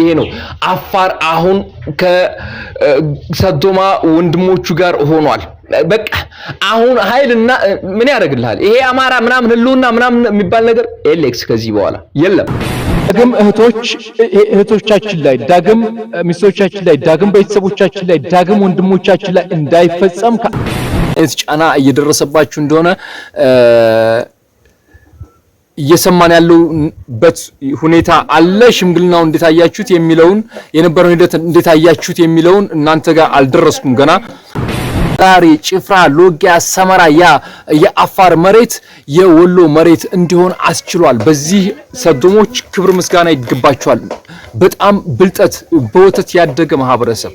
ይሄ ነው። አፋር አሁን ከሰዶማ ወንድሞቹ ጋር ሆኗል። በቃ አሁን ኃይልና ምን ያደርግልሃል? ይሄ አማራ ምናምን ህልውና ምናምን የሚባል ነገር ኤሌክስ ከዚህ በኋላ የለም። ዳግም እህቶች እህቶቻችን ላይ ዳግም ሚስቶቻችን ላይ ዳግም ቤተሰቦቻችን ላይ ዳግም ወንድሞቻችን ላይ እንዳይፈጸም ጫና እየደረሰባችሁ እንደሆነ እየሰማን ያለውበት ሁኔታ አለ። ሽምግልናው እንዴት አያችሁት የሚለውን የነበረውን ሂደት እንዴት አያችሁት የሚለውን እናንተ ጋር አልደረስኩም ገና። ራሪ፣ ጭፍራ፣ ሎጊያ፣ ሰመራ ያ የአፋር መሬት የወሎ መሬት እንዲሆን አስችሏል። በዚህ ሰዶሞች ክብር ምስጋና ይገባቸዋል። በጣም ብልጠት በወተት ያደገ ማህበረሰብ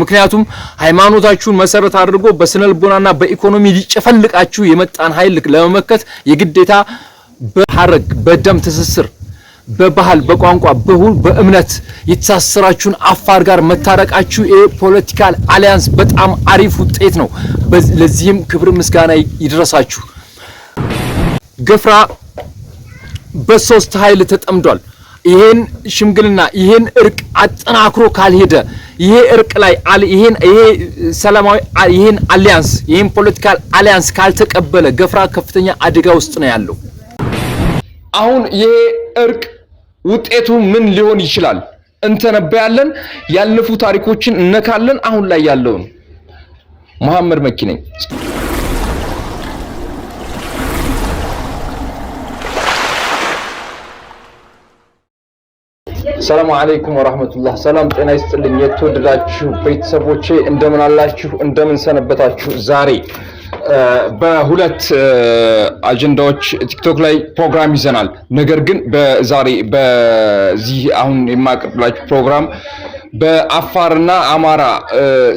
ምክንያቱም ሃይማኖታችሁን መሰረት አድርጎ በስነልቦናና በኢኮኖሚ ሊጨፈልቃችሁ የመጣን ኃይል ለመመከት የግዴታ በሐረግ በደም ትስስር በባህል በቋንቋ በሁሉ በእምነት የተሳሰራችሁን አፋር ጋር መታረቃችሁ ይሄ ፖለቲካል አሊያንስ በጣም አሪፍ ውጤት ነው። ለዚህም ክብር ምስጋና ይድረሳችሁ። ገፍራ በሶስት ኃይል ተጠምዷል። ይሄን ሽምግልና ይሄን እርቅ አጠናክሮ ካልሄደ ይሄ እርቅ ላይ ይሄን ይሄ ሰላማዊ ይሄን አሊያንስ ይሄን ፖለቲካል አሊያንስ ካልተቀበለ ገፍራ ከፍተኛ አደጋ ውስጥ ነው ያለው። አሁን ይሄ እርቅ ውጤቱ ምን ሊሆን ይችላል? እንተነበያለን። ያለፉ ታሪኮችን እነካለን። አሁን ላይ ያለውን መሐመድ መኪ ነኝ። ሰላሙ አለይኩም ወራህመቱላህ። ሰላም ጤና ይስጥልኝ የተወደዳችሁ ቤተሰቦቼ፣ እንደምን አላችሁ? እንደምን ሰነበታችሁ? ዛሬ በሁለት አጀንዳዎች ቲክቶክ ላይ ፕሮግራም ይዘናል። ነገር ግን በዛሬ በዚህ አሁን የማቀርብላችሁ ፕሮግራም በአፋርና አማራ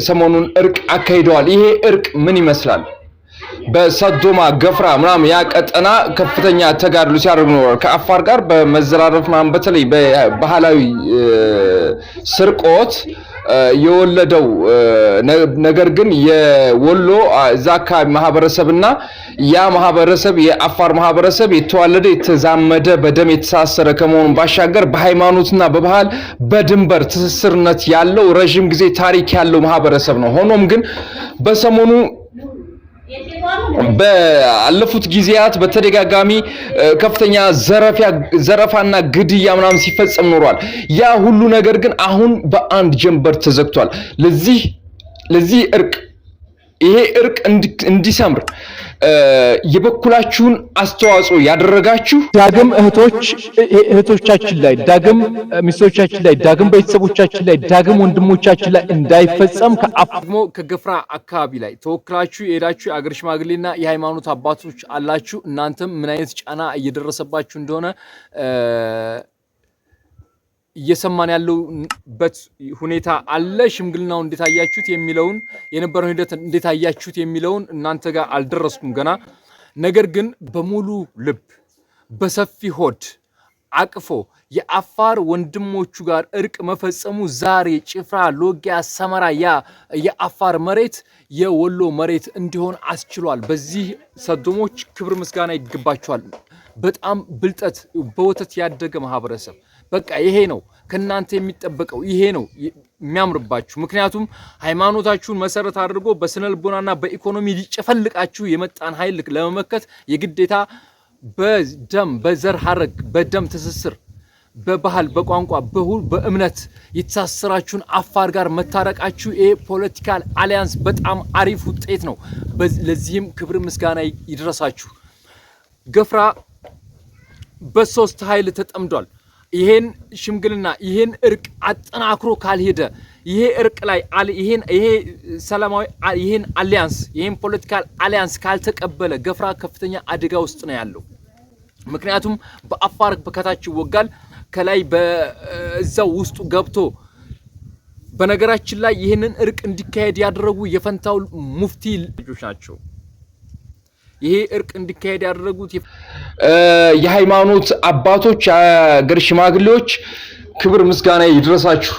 ሰሞኑን እርቅ አካሂደዋል። ይሄ እርቅ ምን ይመስላል? በሰዶማ ገፍራ ምናምን ያ ቀጠና ከፍተኛ ተጋድሎ ሲያደርጉ ኖሯል። ከአፋር ጋር በመዘራረፍ ምናምን በተለይ ባህላዊ ስርቆት የወለደው ነገር ግን የወሎ እዛ አካባቢ ማህበረሰብና ያ ማህበረሰብ የአፋር ማህበረሰብ የተዋለደ የተዛመደ በደም የተሳሰረ ከመሆኑ ባሻገር በሃይማኖትና በባህል በድንበር ትስስርነት ያለው ረዥም ጊዜ ታሪክ ያለው ማህበረሰብ ነው። ሆኖም ግን በሰሞኑ በአለፉት ጊዜያት በተደጋጋሚ ከፍተኛ ዘረፋና ግድያ ምናምን ሲፈጸም ኖሯል። ያ ሁሉ ነገር ግን አሁን በአንድ ጀንበር ተዘግቷል። ለዚህ ለዚህ እርቅ ይሄ እርቅ እንዲሰምር የበኩላችሁን አስተዋጽኦ ያደረጋችሁ ዳግም እህቶቻችን ላይ ዳግም ሚስቶቻችን ላይ ዳግም ቤተሰቦቻችን ላይ ዳግም ወንድሞቻችን ላይ እንዳይፈጸም ደግሞ ከገፍራ አካባቢ ላይ ተወክላችሁ የሄዳችሁ የአገር ሽማግሌና የሃይማኖት አባቶች አላችሁ። እናንተም ምን አይነት ጫና እየደረሰባችሁ እንደሆነ እየሰማን ያለውበት ሁኔታ አለ። ሽምግልናው እንዴት አያችሁት የሚለውን የነበረው ሂደት እንዴት አያችሁት የሚለውን እናንተ ጋር አልደረስኩም ገና። ነገር ግን በሙሉ ልብ በሰፊ ሆድ አቅፎ የአፋር ወንድሞቹ ጋር እርቅ መፈጸሙ ዛሬ ጭፍራ፣ ሎጊያ፣ ሰመራ ያ የአፋር መሬት የወሎ መሬት እንዲሆን አስችሏል። በዚህ ሰዶሞች ክብር ምስጋና ይገባቸዋል። በጣም ብልጠት በወተት ያደገ ማህበረሰብ በቃ ይሄ ነው ከእናንተ የሚጠበቀው ይሄ ነው የሚያምርባችሁ። ምክንያቱም ሃይማኖታችሁን መሰረት አድርጎ በስነ ልቦናና በኢኮኖሚ ሊጨፈልቃችሁ የመጣን ኃይል ለመመከት የግዴታ በደም በዘር ሀረግ በደም ትስስር በባህል በቋንቋ በሁል በእምነት የተሳሰራችሁን አፋር ጋር መታረቃችሁ ይሄ ፖለቲካል አሊያንስ በጣም አሪፍ ውጤት ነው። ለዚህም ክብር ምስጋና ይድረሳችሁ። ገፍራ በሶስት ኃይል ተጠምዷል። ይሄን ሽምግልና ይሄን እርቅ አጠናክሮ ካልሄደ ይሄ እርቅ ላይ ይሄን ይሄ ሰላማዊ ይሄን አሊያንስ ይሄን ፖለቲካል አሊያንስ ካልተቀበለ ገፍራ ከፍተኛ አደጋ ውስጥ ነው ያለው። ምክንያቱም በአፋር በከታች ይወጋል፣ ከላይ በዛው ውስጡ ገብቶ በነገራችን ላይ ይህንን እርቅ እንዲካሄድ ያደረጉ የፈንታው ሙፍቲ ልጆች ናቸው። ይሄ እርቅ እንዲካሄድ ያደረጉት የሃይማኖት አባቶች፣ አገር ሽማግሌዎች ክብር ምስጋና ይድረሳችሁ።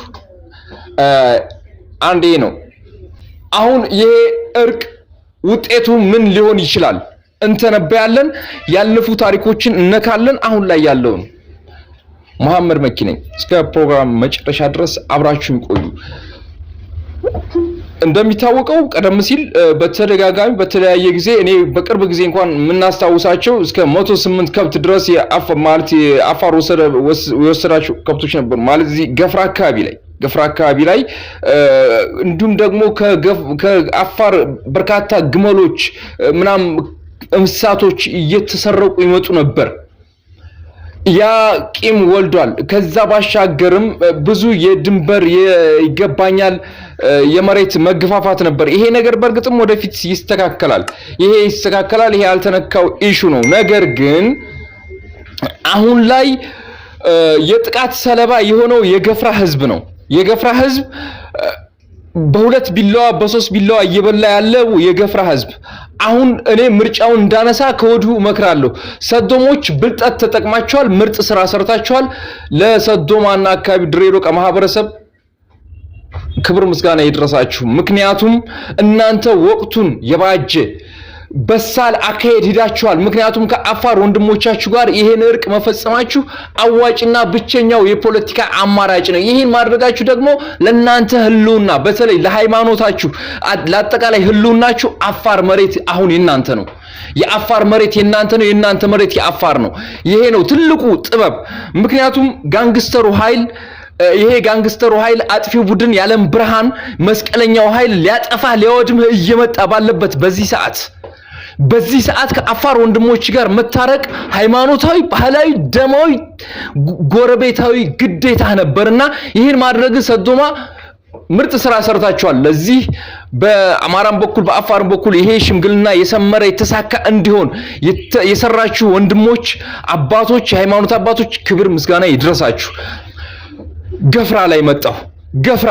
አንዴ ነው። አሁን ይሄ እርቅ ውጤቱ ምን ሊሆን ይችላል? እንተነበያለን። ያለፉ ታሪኮችን እነካለን። አሁን ላይ ያለውን መሐመድ መኪ ነኝ። እስከ ፕሮግራም መጨረሻ ድረስ አብራችሁን ቆዩ። እንደሚታወቀው ቀደም ሲል በተደጋጋሚ በተለያየ ጊዜ እኔ በቅርብ ጊዜ እንኳን የምናስታውሳቸው እስከ መቶ ስምንት ከብት ድረስ ማለት አፋር የወሰዳቸው ከብቶች ነበሩ። ማለት እዚህ ገፍራ አካባቢ ላይ ገፍራ አካባቢ ላይ እንዲሁም ደግሞ ከአፋር በርካታ ግመሎች ምናምን እንስሳቶች እየተሰረቁ ይመጡ ነበር። ያ ቂም ወልዷል። ከዛ ባሻገርም ብዙ የድንበር ይገባኛል የመሬት መገፋፋት ነበር። ይሄ ነገር በእርግጥም ወደፊት ይስተካከላል። ይሄ ይስተካከላል። ይሄ ያልተነካው ኢሹ ነው። ነገር ግን አሁን ላይ የጥቃት ሰለባ የሆነው የገፍራ ህዝብ ነው። የገፍራ ህዝብ በሁለት ቢላዋ በሶስት ቢላዋ እየበላ ያለው የገፍራ ህዝብ አሁን እኔ ምርጫውን እንዳነሳ ከወዲሁ እመክራለሁ። ሰዶሞች ብልጠት ተጠቅማቸዋል፣ ምርጥ ስራ ሰርታቸዋል። ለሰዶማና አካባቢ ድሬዳዋ ማህበረሰብ ክብር ምስጋና ይድረሳችሁ። ምክንያቱም እናንተ ወቅቱን የባጀ በሳል አካሄድ ሂዳችኋል። ምክንያቱም ከአፋር ወንድሞቻችሁ ጋር ይሄን እርቅ መፈጸማችሁ አዋጭና ብቸኛው የፖለቲካ አማራጭ ነው። ይህን ማድረጋችሁ ደግሞ ለእናንተ ህልውና በተለይ ለሃይማኖታችሁ፣ ለአጠቃላይ ህልውናችሁ አፋር መሬት አሁን የናንተ ነው። የአፋር መሬት የእናንተ ነው። የእናንተ መሬት የአፋር ነው። ይሄ ነው ትልቁ ጥበብ። ምክንያቱም ጋንግስተሩ ኃይል ይሄ ጋንግስተሩ ኃይል አጥፊው ቡድን ያለም ብርሃን መስቀለኛው ኃይል ሊያጠፋ ሊያወድምህ እየመጣ ባለበት በዚህ ሰዓት በዚህ ሰዓት ከአፋር ወንድሞች ጋር መታረቅ ሃይማኖታዊ፣ ባህላዊ፣ ደማዊ፣ ጎረቤታዊ ግዴታ ነበርና ይህን ማድረግ ሰዶማ ምርጥ ስራ ሰርታችኋል። ለዚህ በአማራም በኩል በአፋርም በኩል ይሄ ሽምግልና የሰመረ የተሳካ እንዲሆን የሰራችሁ ወንድሞች፣ አባቶች፣ የሃይማኖት አባቶች ክብር ምስጋና ይድረሳችሁ። ገፍራ ላይ መጣሁ ገፍራ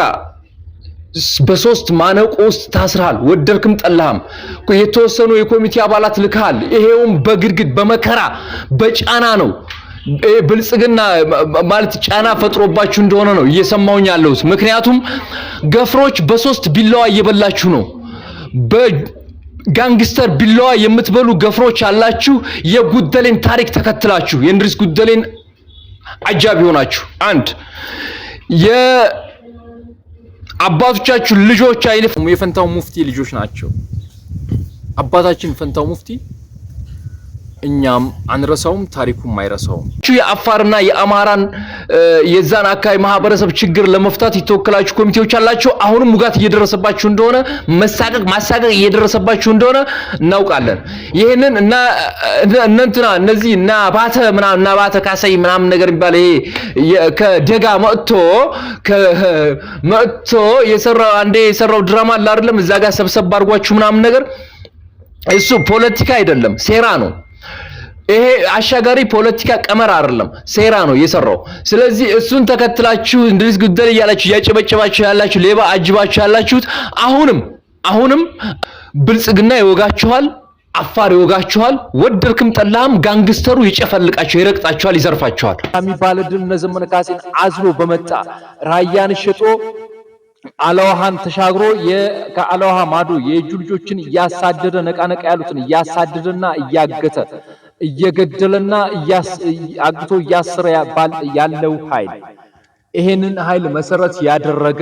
በሶስት ማነቆ ውስጥ ታስርሃል። ወደድክም ጠላህም የተወሰኑ የኮሚቴ አባላት ልካል ይሄውም በግድግድ በመከራ በጫና ነው። ብልጽግና ማለት ጫና ፈጥሮባችሁ እንደሆነ ነው እየሰማውኝ ያለሁት። ምክንያቱም ገፍሮች በሶስት ቢላዋ እየበላችሁ ነው። በጋንግስተር ቢላዋ የምትበሉ ገፍሮች አላችሁ። የጉደሌን ታሪክ ተከትላችሁ የእንድሪስ ጉደሌን አጃቢ ሆናችሁ አንድ አባቶቻችሁ ልጆች አይልፍ የፈንታው ሙፍቲ ልጆች ናቸው። አባታችን ፈንታው ሙፍቲ እኛም አንረሳውም፣ ታሪኩም አይረሳውም። የአፋርና የአማራን የዛን አካባቢ ማህበረሰብ ችግር ለመፍታት የተወከላችሁ ኮሚቴዎች አላቸው። አሁንም ሙጋት እየደረሰባችሁ እንደሆነ መሳቀቅ፣ ማሳቀቅ እየደረሰባችሁ እንደሆነ እናውቃለን። ይህንን እና እነንትና እነዚህ እና ባተ ምናምን እና ካሳይ ምናምን ነገር የሚባል ይሄ ከደጋ መጥቶ መጥቶ የሰራው አንዴ የሰራው ድራማ አለ አይደለም፣ እዛ ጋር ሰብሰብ አድርጓችሁ ምናምን ነገር እሱ ፖለቲካ አይደለም፣ ሴራ ነው። ይሄ አሻጋሪ ፖለቲካ ቀመር አይደለም፣ ሴራ ነው የሰራው። ስለዚህ እሱን ተከትላችሁ እንድሪስ ጉደል እያላችሁ እያጨበጨባችሁ ያላችሁ ሌባ አጅባችሁ ያላችሁት አሁንም አሁንም ብልጽግና ይወጋችኋል፣ አፋር ይወጋችኋል። ወደድክም ጠላህም ጋንግስተሩ ይጨፈልቃችሁ፣ ይረግጣችኋል፣ ይዘርፋችኋል። የሚባል ድል እነ ዘመነ ካሴን አዝሎ በመጣ ራያን ሽጦ አለውሃን ተሻግሮ ከአለውሃ ማዶ የእጁ ልጆችን እያሳደደ ነቃነቃ ያሉትን እያሳደደና እያገተ እየገደለና አግቶ እያስረ ያለው ኃይል ይሄንን ኃይል መሰረት ያደረገ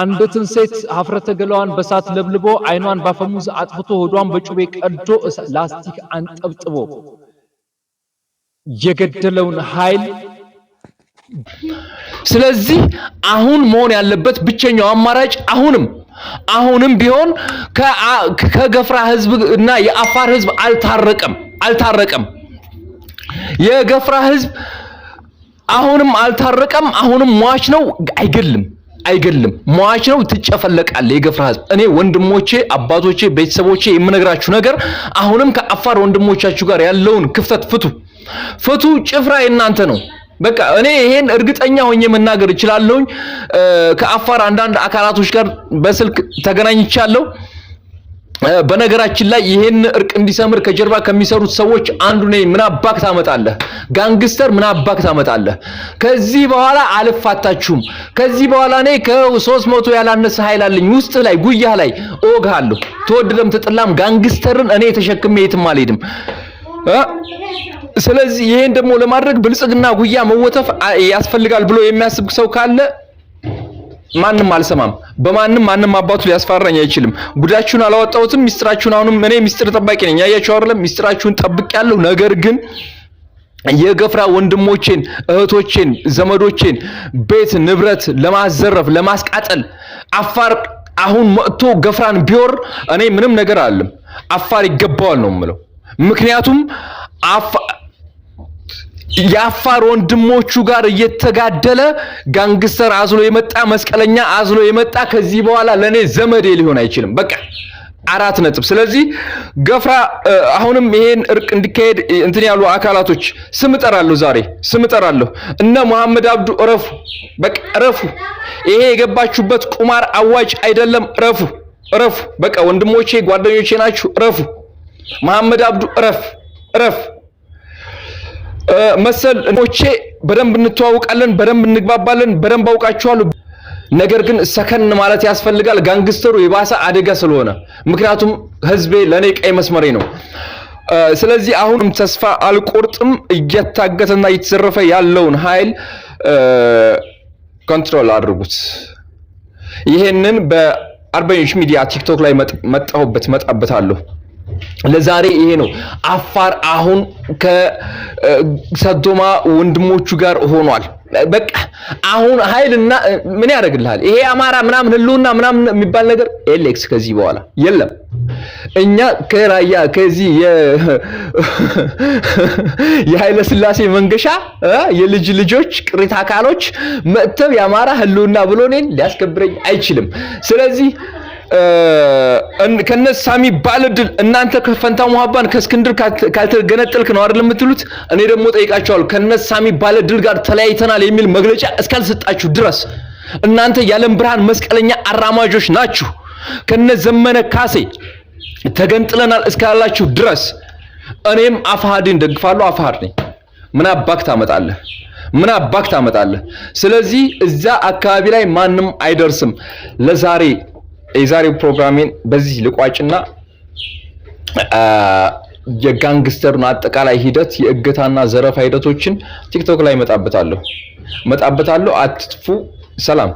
አንዲትን ሴት ሀፍረተ ገላዋን በሳት ለብልቦ አይኗን ባፈሙዝ አጥፍቶ ሆዷን በጩቤ ቀዶ ላስቲክ አንጠብጥቦ የገደለውን ኃይል ስለዚህ አሁን መሆን ያለበት ብቸኛው አማራጭ አሁንም አሁንም ቢሆን ከገፍራ ህዝብ እና የአፋር ህዝብ አልታረቀም አልታረቀም። የገፍራ ህዝብ አሁንም አልታረቀም። አሁንም ሟች ነው። አይገልም አይገልም ሟች ነው። ትጨፈለቃለ የገፍራ ህዝብ። እኔ ወንድሞቼ፣ አባቶቼ፣ ቤተሰቦቼ የምነግራችሁ ነገር አሁንም ከአፋር ወንድሞቻችሁ ጋር ያለውን ክፍተት ፍቱ፣ ፍቱ። ጭፍራ የእናንተ ነው። በቃ እኔ ይሄን እርግጠኛ ሆኜ መናገር እችላለሁኝ። ከአፋር አንዳንድ አካላቶች ጋር በስልክ ተገናኝቻለሁ። በነገራችን ላይ ይሄን እርቅ እንዲሰምር ከጀርባ ከሚሰሩት ሰዎች አንዱ ነኝ። ምን አባክ ታመጣለህ? ጋንግስተር ምን አባክ ታመጣለህ? ከዚህ በኋላ አልፋታችሁም። ከዚህ በኋላ እኔ ከሦስት መቶ ያላነሰ ኃይል አለኝ ውስጥ ላይ ጉያ ላይ እወግሃለሁ። ተወደደም ተጥላም ጋንግስተርን እኔ ተሸክሜ የትም አልሄድም። ስለዚህ ይሄን ደግሞ ለማድረግ ብልጽግና ጉያ መወተፍ ያስፈልጋል ብሎ የሚያስብ ሰው ካለ ማንም አልሰማም። በማንም ማንም አባቱ ሊያስፈራኝ አይችልም። ጉዳችሁን አላወጣሁትም፣ ሚስጥራችሁን አሁንም እኔ ሚስጥር ጠባቂ ነኝ። ያያችሁ አይደለም? ሚስጥራችሁን ጠብቄያለሁ። ነገር ግን የገፍራ ወንድሞቼን፣ እህቶቼን፣ ዘመዶቼን ቤት ንብረት ለማዘረፍ ለማስቃጠል አፋር አሁን መጥቶ ገፍራን ቢወር እኔ ምንም ነገር አለም አፋር ይገባዋል ነው የምለው። ምክንያቱም የአፋር ወንድሞቹ ጋር እየተጋደለ ጋንግስተር አዝሎ የመጣ መስቀለኛ አዝሎ የመጣ ከዚህ በኋላ ለእኔ ዘመዴ ሊሆን አይችልም። በቃ አራት ነጥብ። ስለዚህ ገፍራ አሁንም ይሄን እርቅ እንዲካሄድ እንትን ያሉ አካላቶች ስም እጠራለሁ፣ ዛሬ ስም እጠራለሁ። እነ መሐመድ አብዱ እረፉ፣ በቃ እረፉ። ይሄ የገባችሁበት ቁማር አዋጭ አይደለም። እረፉ፣ እረፉ። በቃ ወንድሞቼ ጓደኞቼ ናችሁ። እረፉ። መሐመድ አብዱ እረፍ፣ እረፍ። መሰል ቼ በደንብ እንተዋውቃለን፣ በደንብ እንግባባለን፣ በደንብ አውቃችኋለሁ። ነገር ግን ሰከን ማለት ያስፈልጋል። ጋንግስተሩ የባሰ አደጋ ስለሆነ ምክንያቱም ህዝቤ ለእኔ ቀይ መስመሬ ነው። ስለዚህ አሁንም ተስፋ አልቆርጥም። እየታገተና እየተዘረፈ ያለውን ኃይል ኮንትሮል አድርጉት። ይሄንን በአርበኞች ሚዲያ ቲክቶክ ላይ መጣሁበት መጣበታለሁ። ለዛሬ ይሄ ነው። አፋር አሁን ከሰዶማ ወንድሞቹ ጋር ሆኗል። በቃ አሁን ኃይልና ምን ያደርግልሃል? ይሄ አማራ ምናምን ህልውና ምናምን የሚባል ነገር ኤሌክስ ከዚህ በኋላ የለም። እኛ ከራያ ከዚህ የኃይለ ስላሴ መንገሻ የልጅ ልጆች ቅሪተ አካሎች መጥተው የአማራ ህልውና ብሎ እኔን ሊያስከብረኝ አይችልም። ስለዚህ ከነሳ የሚባል እድል እናንተ ከፈንታ ሙሀባን ከእስክንድር ካልተገነጠልክ ነው አይደል የምትሉት? እኔ ደግሞ ጠይቃቸዋለሁ። ከነሳ የሚባል እድል ጋር ተለያይተናል የሚል መግለጫ እስካልሰጣችሁ ድረስ እናንተ የዓለም ብርሃን መስቀለኛ አራማጆች ናችሁ። ከነ ዘመነ ካሴ ተገንጥለናል እስካላችሁ ድረስ እኔም አፋሃድን ደግፋለሁ። አፋሃድ ነኝ። ምን አባክ ታመጣለህ? ምን አባክ ታመጣለህ? ስለዚህ እዛ አካባቢ ላይ ማንም አይደርስም ለዛሬ የዛሬው ፕሮግራሜን በዚህ ልቋጭና የጋንግስተሩን አጠቃላይ ሂደት የእገታና ዘረፋ ሂደቶችን ቲክቶክ ላይ መጣበታለሁ መጣበታለሁ። አትጥፉ። ሰላም